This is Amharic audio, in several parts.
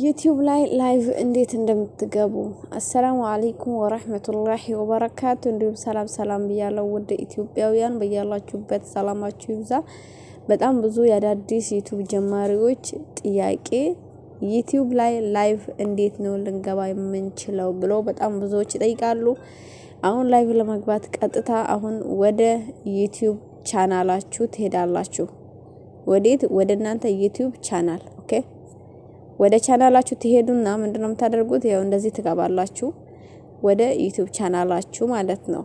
ዩቲዩብ ላይ ላይቭ እንዴት እንደምትገቡ። አሰላሙ አለይኩም ወራህመቱላሂ ወበረካቱ። እንዲሁም ሰላም ሰላም ብያለው ውድ ኢትዮጵያውያን በያላችሁበት ሰላማችሁ ይብዛ። በጣም ብዙ የአዳዲስ ዩቲዩብ ጀማሪዎች ጥያቄ ዩቲዩብ ላይ ላይቭ እንዴት ነው ልንገባ የምንችለው ብሎ በጣም ብዙዎች ይጠይቃሉ። አሁን ላይቭ ለመግባት ቀጥታ አሁን ወደ ዩቲዩብ ቻናላችሁ ትሄዳላችሁ። ወዴት? ወደ እናንተ ዩቲዩብ ቻናል ወደ ቻናላችሁ ትሄዱና ምንድነው የምታደርጉት? ያው እንደዚህ ትገባላችሁ ወደ ዩቲዩብ ቻናላችሁ ማለት ነው።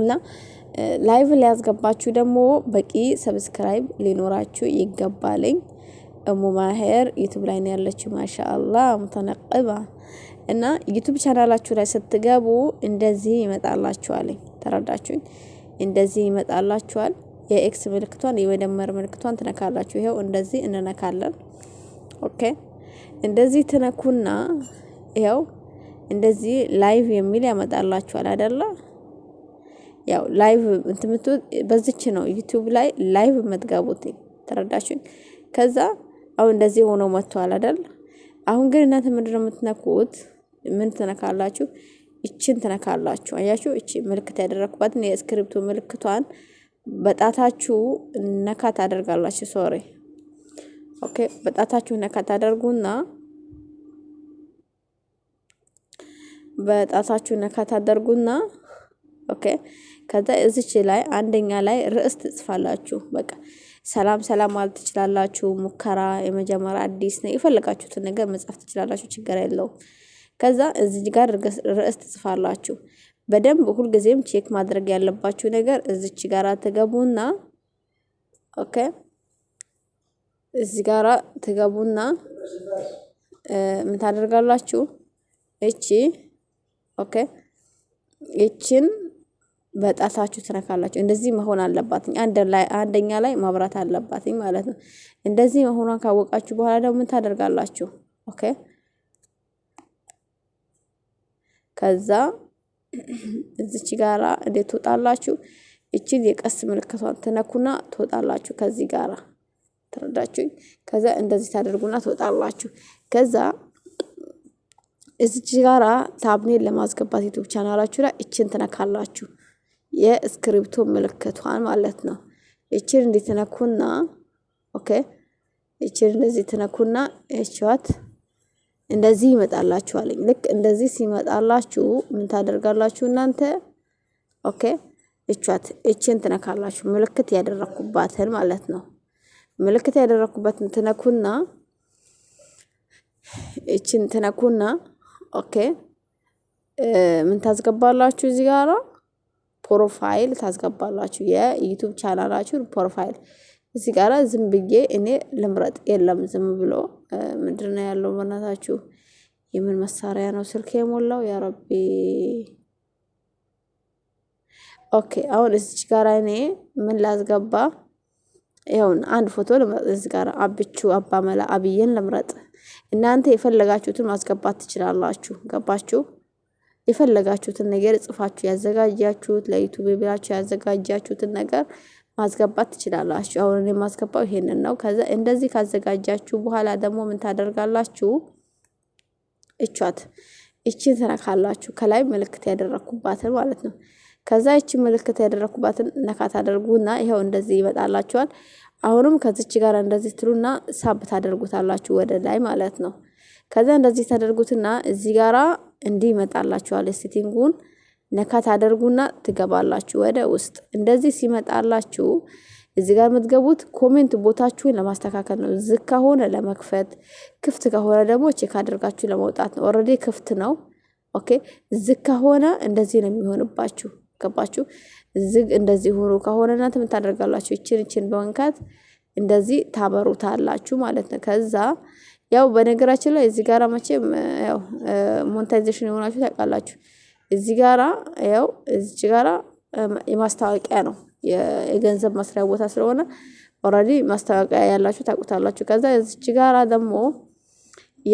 እና ላይቭ ሊያስገባችሁ ደግሞ በቂ ሰብስክራይብ ሊኖራችሁ ይገባልኝ። እሙ ማሄር ዩቱብ ላይ ነው ያለችው። ማሻአላ ሙተነቅባ እና ዩቱብ ቻናላችሁ ላይ ስትገቡ እንደዚህ ይመጣላችኋል። ተረዳችሁኝ? እንደዚህ ይመጣላችኋል። የኤክስ ምልክቷን የመደመር ምልክቷን ትነካላችሁ። ይኸው እንደዚህ እንነካለን። ኦኬ እንደዚህ ትነኩና ይኸው እንደዚህ ላይቭ የሚል ያመጣላችኋል አይደለ? ያው ላይቭ እንትምቱ በዚች ነው ዩቲዩብ ላይ ላይቭ የምትገቡት ተረዳችሁኝ? ከዛ አሁን እንደዚህ ሆኖ መጥቷል አይደል? አሁን ግን እናንተ ምንድን ነው የምትነኩት? ምን ትነካላችሁ? እችን ትነካላችሁ። አያችሁ፣ እቺ ምልክት ያደረግኩባትን የስክሪፕቱ ምልክቷን በጣታችሁ ነካ ታደርጋላችሁ። ሶሪ ኦኬ። በጣታችሁ ነካ ታደርጉና በጣታችሁ ነካ ታደርጉና ኦኬ። ከዛ እዚች ላይ አንደኛ ላይ ርዕስ ትጽፋላችሁ። በቃ ሰላም ሰላም ማለት ትችላላችሁ። ሙከራ፣ የመጀመሪያ፣ አዲስ ነው የፈለጋችሁትን ነገር መጻፍ ትችላላችሁ። ችግር የለውም። ከዛ እዚህ ጋር ርዕስ ትጽፋላችሁ። በደንብ ሁልጊዜም ቼክ ማድረግ ያለባችሁ ነገር እዚች ጋራ ትገቡና ኦኬ፣ እዚ ጋራ ትገቡና ምን ታደርጋላችሁ? እቺ ኦኬ፣ እቺን በጣታችሁ ትነካላችሁ። እንደዚህ መሆን አለባትኝ። አንደኛ ላይ ማብራት አለባትኝ ማለት ነው። እንደዚህ መሆኗን ካወቃችሁ በኋላ ደግሞ ምን ታደርጋላችሁ? ኦኬ ከዛ እዚች ጋራ እንዴት ትወጣላችሁ? እችን የቀስ ምልክቷን ትነኩና ትወጣላችሁ። ከዚህ ጋራ ተረዳችሁኝ? ከዛ እንደዚህ ታደርጉና ትወጣላችሁ። ከዛ እዚች ጋራ ታብኔን ለማስገባት ዩቱብ ቻናላችሁ ላይ እችን ትነካላችሁ። የእስክሪብቶ ምልክቷን ማለት ነው። እችን እንዲትነኩና ኦኬ፣ እችን እንደዚህ ትነኩና እችዋት እንደዚህ አለኝ። ልክ እንደዚህ ሲመጣላችሁ ምን ታደርጋላችሁ እናንተ? ኦኬ እቿት እቺን ትነካላችሁ። ምልክት ያደረኩባትን ማለት ነው። ምልክት ያደረኩበትን ትነኩና እቺን ትነኩና ኦኬ ምን ታስገባላችሁ? እዚህ ጋራ ፕሮፋይል ታስገባላችሁ። የዩቱብ ቻናላችሁ ፕሮፋይል እዚህ ጋራ ዝም ብዬ እኔ ልምረጥ የለም ዝም ብሎ ምንድን ነው ያለው? በእናታችሁ የምን መሳሪያ ነው ስልክ የሞላው? ያ ረቢ። ኦኬ አሁን እዚች ጋር እኔ ምን ላስገባ? ይኸውን አንድ ፎቶ ልምረጥ። እዚ ጋር አብቹ አባመላ አብይን ልምረጥ። እናንተ የፈለጋችሁትን ማስገባት ትችላላችሁ። ገባችሁ? የፈለጋችሁትን ነገር ጽፋችሁ ያዘጋጃችሁት ለዩቱብ ብላችሁ ያዘጋጃችሁትን ነገር ማስገባት ትችላላችሁ። አሁን እኔ የማስገባው ይሄንን ነው። ከዛ እንደዚህ ካዘጋጃችሁ በኋላ ደግሞ ምን ታደርጋላችሁ? እቿት እቺን ትነካላችሁ። ከላይ ምልክት ያደረኩባትን ማለት ነው። ከዛ እቺ ምልክት ያደረግኩባትን ነካ ታደርጉና ይኸው እንደዚህ ይመጣላችኋል። አሁንም ከዚች ጋር እንደዚህ ትሉና ሳብ ታደርጉታላችሁ ወደ ላይ ማለት ነው። ከዛ እንደዚህ ታደርጉትና እዚህ ጋራ እንዲህ ይመጣላችኋል ሴቲንጉን ነካ ታደርጉና ትገባላችሁ ወደ ውስጥ። እንደዚህ ሲመጣላችሁ እዚህ ጋር የምትገቡት ኮሜንት ቦታችሁን ለማስተካከል ነው። ዝግ ከሆነ ለመክፈት፣ ክፍት ከሆነ ደግሞ ቼክ አድርጋችሁ ለመውጣት ነው። ኦልሬዲ ክፍት ነው። ኦኬ ዝግ ከሆነ እንደዚህ ነው የሚሆንባችሁ። ገባችሁ? ዝግ እንደዚህ ሆኖ ከሆነ እናንተ የምታደርጋላችሁ ይችን ይችን በመንካት እንደዚህ ታበሩታላችሁ ማለት ነው። ከዛ ያው በነገራችን ላይ እዚህ ጋር መቼም ያው ሞኔታይዜሽን የሆናችሁ ታውቃላችሁ። እዚህ ጋራ ያው እዚች ጋራ የማስታወቂያ ነው የገንዘብ መስሪያ ቦታ ስለሆነ ኦልሬዲ ማስታወቂያ ያላችሁ ታውቁታላችሁ። ከዛ እዚች ጋራ ደግሞ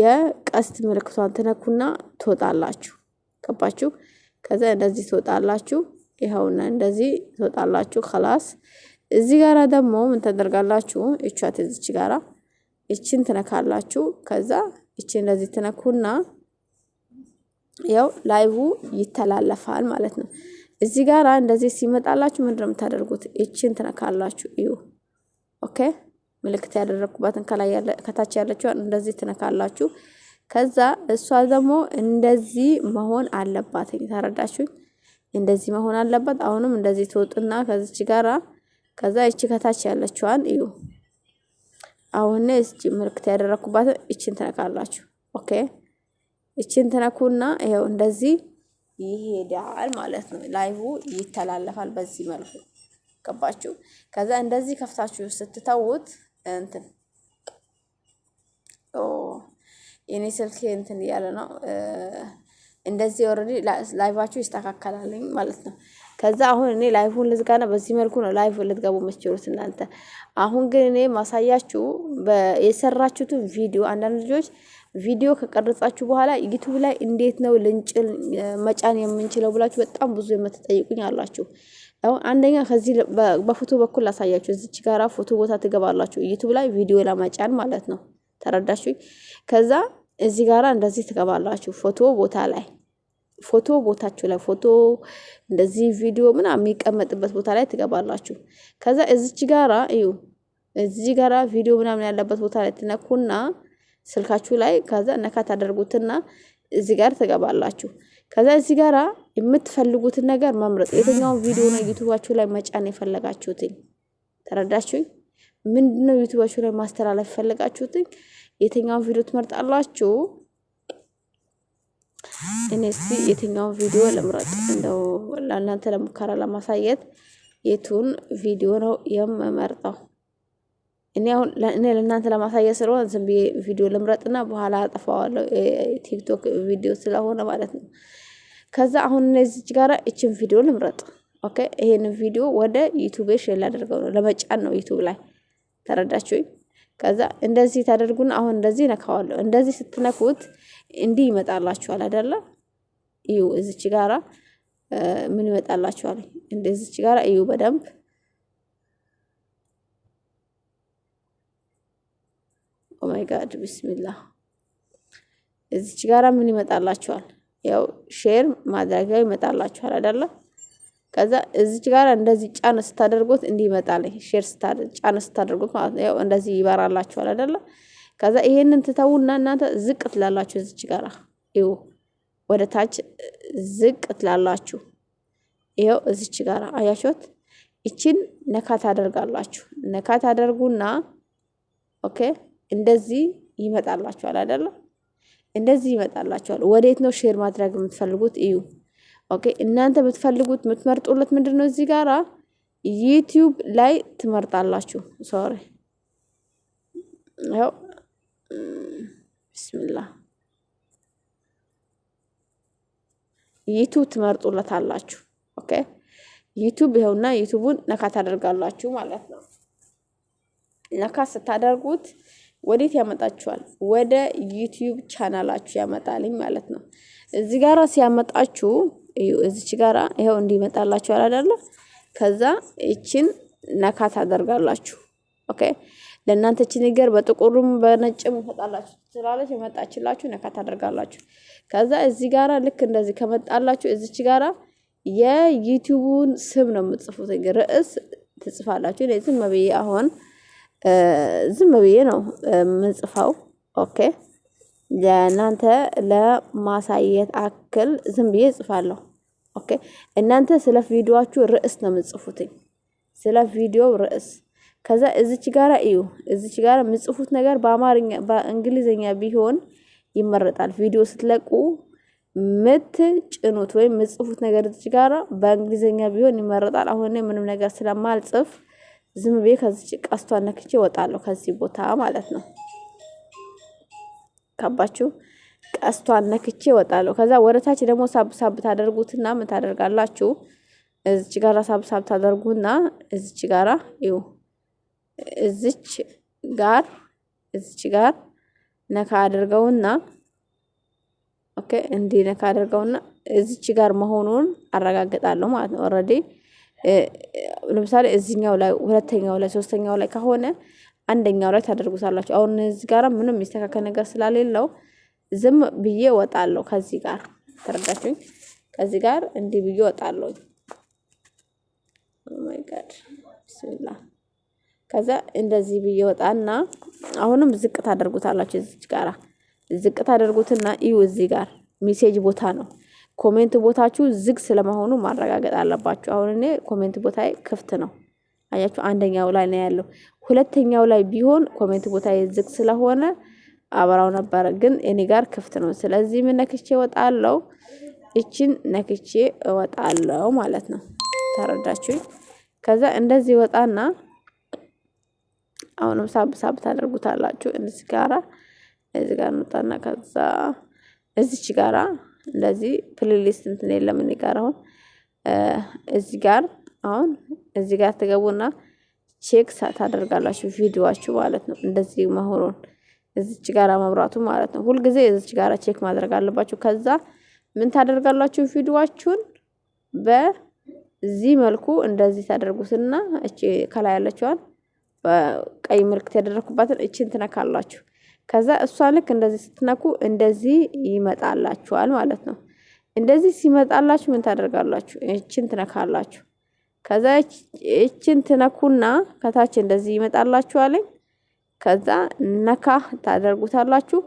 የቀስት ምልክቷን ትነኩና ትወጣላችሁ። ገባችሁ? ከዛ እንደዚህ ትወጣላችሁ። ይኸውና እንደዚህ ትወጣላችሁ። ከላስ እዚህ ጋራ ደግሞ ምን ተደርጋላችሁ? እቿት እዚች ጋራ እችን ትነካላችሁ። ከዛ እችን እንደዚህ ትነኩና ያው ላይቡ ይተላለፋል ማለት ነው። እዚህ ጋራ እንደዚህ ሲመጣላችሁ ምንድን ነው የምታደርጉት? እቺን ትነካላችሁ። እዩ ኦኬ። ምልክት ያደረግኩባትን ከታች ያለችዋን እንደዚህ ትነካላችሁ። ከዛ እሷ ደግሞ እንደዚህ መሆን አለባት። የተረዳችሁኝ? እንደዚህ መሆን አለባት። አሁንም እንደዚህ ትወጥና ከዚች ጋራ ከዛ እቺ ከታች ያለችዋን እዩ። አሁን እስቲ ምልክት ያደረግኩባትን እቺን ትነካላችሁ። ኦኬ እችን ትነኩና ይኸው እንደዚህ ይሄዳል ማለት ነው። ላይቭ ይተላለፋል በዚህ መልኩ ገባችሁ። ከዛ እንደዚህ ከፍታችሁ ስትተውት እንትን የኔ ስልክ እንትን እያለ ነው። እንደዚህ ኦልሬዲ ላይቫችሁ ይስተካከላልኝ ማለት ነው። ከዛ አሁን እኔ ላይፉን ልዝጋና በዚህ መልኩ ነው ላይፍ ልትገቡ መስችሉት እናንተ። አሁን ግን እኔ ማሳያችሁ የሰራችሁትን ቪዲዮ አንዳንድ ልጆች ቪዲዮ ከቀረጻችሁ በኋላ ዩቱብ ላይ እንዴት ነው ልንጭን መጫን የምንችለው ብላችሁ በጣም ብዙ የምትጠይቁኝ አላችሁ። አንደኛ ከዚህ በፎቶ በኩል ላሳያችሁ። እዚች ጋራ ፎቶ ቦታ ትገባላችሁ። ዩቱብ ላይ ቪዲዮ ለመጫን ማለት ነው። ተረዳችሁኝ? ከዛ እዚህ ጋራ እንደዚህ ትገባላችሁ ፎቶ ቦታ ላይ ፎቶ ቦታችሁ ላይ ፎቶ እንደዚህ ቪዲዮ ምናምን የሚቀመጥበት ቦታ ላይ ትገባላችሁ። ከዛ እዚች ጋራ እዩ፣ እዚህ ጋራ ቪዲዮ ምናምን ያለበት ቦታ ላይ ትነኩና ስልካችሁ ላይ ከዛ ነካ ታደርጉትና እዚ ጋር ትገባላችሁ። ከዛ እዚ ጋራ የምትፈልጉትን ነገር መምረጥ፣ የትኛውን ቪዲዮ ነው ዩቱባችሁ ላይ መጫን የፈለጋችሁትኝ። ተረዳችሁኝ? ምንድነው ዩቱባችሁ ላይ ማስተላለፍ የፈለጋችሁትኝ? የትኛውን ቪዲዮ ትመርጣላችሁ? እኔ የትኛው የትኛውን ቪዲዮ ልምረጥ እንደው ለእናንተ ለሙከራ ለማሳየት የቱን ቪዲዮ ነው የምመርጠው? እኔ አሁን እኔ ለእናንተ ለማሳየት ስለሆነ ዝም ብዬ ቪዲዮ ልምረጥና በኋላ አጠፋዋለሁ። ቲክቶክ ቪዲዮ ስለሆነ ማለት ነው። ከዛ አሁን እነዚች ጋር እችን ቪዲዮ ልምረጥ። ኦኬ ይሄንን ቪዲዮ ወደ ዩቱብ ሼር ላደርገው ነው ለመጫን ነው ዩቱብ ላይ ተረዳችሁኝ? ከዛ እንደዚህ ታደርጉና አሁን እንደዚህ ነካዋለሁ። እንደዚህ ስትነኩት እንዲህ ይመጣላችኋል አይደለ? እዩ እዚች ጋራ ምን ይመጣላችኋል? እንደዚች ጋራ እዩ በደንብ ኦማይ ጋድ ቢስሚላህ እዚች ጋራ ምን ይመጣላችኋል? ያው ሼር ማድረጊያው ይመጣላችኋል አይደለ? ከዛ እዚች ጋር እንደዚህ ጫን ስታደርጉት እንዲህ ይመጣል። ሼር ጫን ስታደርጉት ማለት ነው። ያው እንደዚህ ይበራላችኋል አይደለ? ከዛ ይሄንን ትተውና እናንተ ዝቅ ትላላችሁ። እዚች ጋር ይው ወደ ታች ዝቅ ትላላችሁ። ይኸው እዚች ጋር አያችሁት? ይችን ነካ ታደርጋላችሁ። ነካ ታደርጉና ኦኬ እንደዚህ ይመጣላችኋል አይደለ? እንደዚህ ይመጣላችኋል። ወዴት ነው ሼር ማድረግ የምትፈልጉት? እዩ ኦኬ እናንተ የምትፈልጉት የምትመርጡለት ምንድን ነው? እዚህ ጋራ ዩቲዩብ ላይ ትመርጣላችሁ። ሶሪ ያው ብስሚላ ዩቱብ አላችሁ። ኦኬ ዩቱብ ይኸውና፣ ዩቱቡን ነካ ታደርጋላችሁ ማለት ነው። ነካ ስታደርጉት ወዴት ያመጣችኋል? ወደ ዩቲዩብ ቻናላችሁ ያመጣልኝ ማለት ነው። እዚህ ጋራ ሲያመጣችሁ እዩ እዚች ጋራ ይኸው እንዲመጣላችሁ አላደለ። ከዛ ይችን ነካ ታደርጋላችሁ። ኦኬ ለእናንተ እቺ ነገር በጥቁሩም በነጭም ይመጣላችሁ ትችላለች። የመጣችላችሁ ነካ ታደርጋላችሁ። ከዛ እዚ ጋራ ልክ እንደዚህ ከመጣላችሁ እዚች ጋራ የዩቲዩቡን ስም ነው የምትጽፉት። ርዕስ ትጽፋላችሁ። እኔ ዝም ብዬ አሁን ዝም ብዬ ነው የምጽፈው። ኦኬ ለእናንተ ለማሳየት አክል ዝም ብዬ እጽፋለሁ። ኦኬ። እናንተ ስለ ቪዲዮችሁ ርዕስ ነው የምጽፉትኝ፣ ስለ ቪዲዮ ርዕስ። ከዛ እዚች ጋራ እዩ፣ እዚች ጋራ የምጽፉት ነገር በአማርኛ በእንግሊዝኛ ቢሆን ይመረጣል። ቪዲዮ ስትለቁ ምትጭኑት ወይም የምጽፉት ነገር እዚች ጋራ በእንግሊዝኛ ቢሆን ይመረጣል። አሁን ምንም ነገር ስለማልጽፍ ዝም ብዬ ከዚች ቀስቷ ነክቼ እወጣለሁ ከዚህ ቦታ ማለት ነው። ካባችሁ ቀስቷን ነክቼ እወጣለሁ። ከዛ ወደታች ደግሞ ሳብሳብ ታደርጉትና ምን ታደርጋላችሁ? እዚች ጋራ ሳብሳብ ታደርጉና እዚች ጋራ ይው እዚች ጋር እዚች ጋር ነካ አድርገውና ኦኬ፣ እንዲህ ነካ አድርገውና እዚች ጋር መሆኑን አረጋግጣለሁ ማለት ነው። ኦልሬዲ ለምሳሌ እዚኛው ላይ፣ ሁለተኛው ላይ፣ ሶስተኛው ላይ ከሆነ አንደኛው ላይ ታደርጉታላችሁ። አሁን እዚህ ጋራ ምንም የሚስተካከል ነገር ስለሌለው ዝም ብዬ ወጣለሁ። ከዚህ ጋር ተረዳችሁኝ? ከዚህ ጋር እንዲህ ብዬ ወጣለሁ። ማይ oh ብስሚላ ከዛ እንደዚህ ብዬ ወጣና አሁንም ዝቅ ታደርጉታላችሁ። እዚች ጋራ ዝቅ ታደርጉትና እዩ። እዚህ ጋር ሚሴጅ ቦታ ነው። ኮሜንት ቦታችሁ ዝግ ስለመሆኑ ማረጋገጥ አለባችሁ። አሁን እኔ ኮሜንት ቦታ ክፍት ነው። አያችሁ፣ አንደኛው ላይ ነው ያለው። ሁለተኛው ላይ ቢሆን ኮሜንት ቦታ ዝግ ስለሆነ አብራው ነበር፣ ግን እኔ ጋር ክፍት ነው። ስለዚህ ምን ነክቼ እወጣለሁ? እችን ነክቼ እወጣለሁ ማለት ነው። ተረዳችሁኝ? ከዛ እንደዚህ ወጣና አሁንም ሳብ ሳብ ታደርጉታላችሁ። እዚህ ጋራ እዚ ጋር እንወጣና ከዛ እዚች ጋራ እንደዚህ ፕሌሊስት እንትን የለም እኔ ጋር አሁን እዚህ ጋር አሁን እዚ ጋር ትገቡና ቼክ ታደርጋላችሁ ቪዲዮችሁ ማለት ነው እንደዚህ መሆኑን እዚች ጋራ መብራቱ ማለት ነው። ሁልጊዜ እዚች ጋራ ቼክ ማድረግ አለባችሁ። ከዛ ምን ታደርጋላችሁ? ቪዲዮአችሁን በዚህ መልኩ እንደዚህ ታደርጉትና እቺ ከላይ ያለችዋን ቀይ ምልክት ያደረኩባትን እቺን ትነካላችሁ። ከዛ እሷን ልክ እንደዚህ ስትነኩ እንደዚህ ይመጣላችኋል ማለት ነው። እንደዚህ ሲመጣላችሁ ምን ታደርጋላችሁ? እቺን ትነካላችሁ። ከዛ እችን ትነኩና ከታች እንደዚህ ይመጣላችኋል። ከዛ ነካ ታደርጉታላችሁ።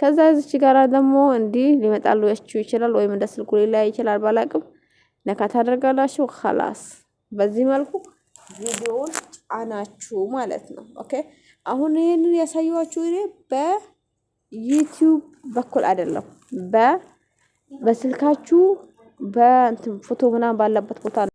ከዛ እዚች ጋራ ደግሞ እንዲህ ሊመጣላችሁ ይችላል፣ ወይም እንደ ስልኩ ሊለያይ ይችላል ባላቅም ነካ ታደርጋላችሁ። ከላስ በዚህ መልኩ ቪዲዮውን ጫናችሁ ማለት ነው። ኦኬ አሁን ይህንን ያሳየኋችሁ እኔ በዩቲዩብ በኩል አይደለም፣ በስልካችሁ በእንትን ፎቶ ምናምን ባለበት ቦታ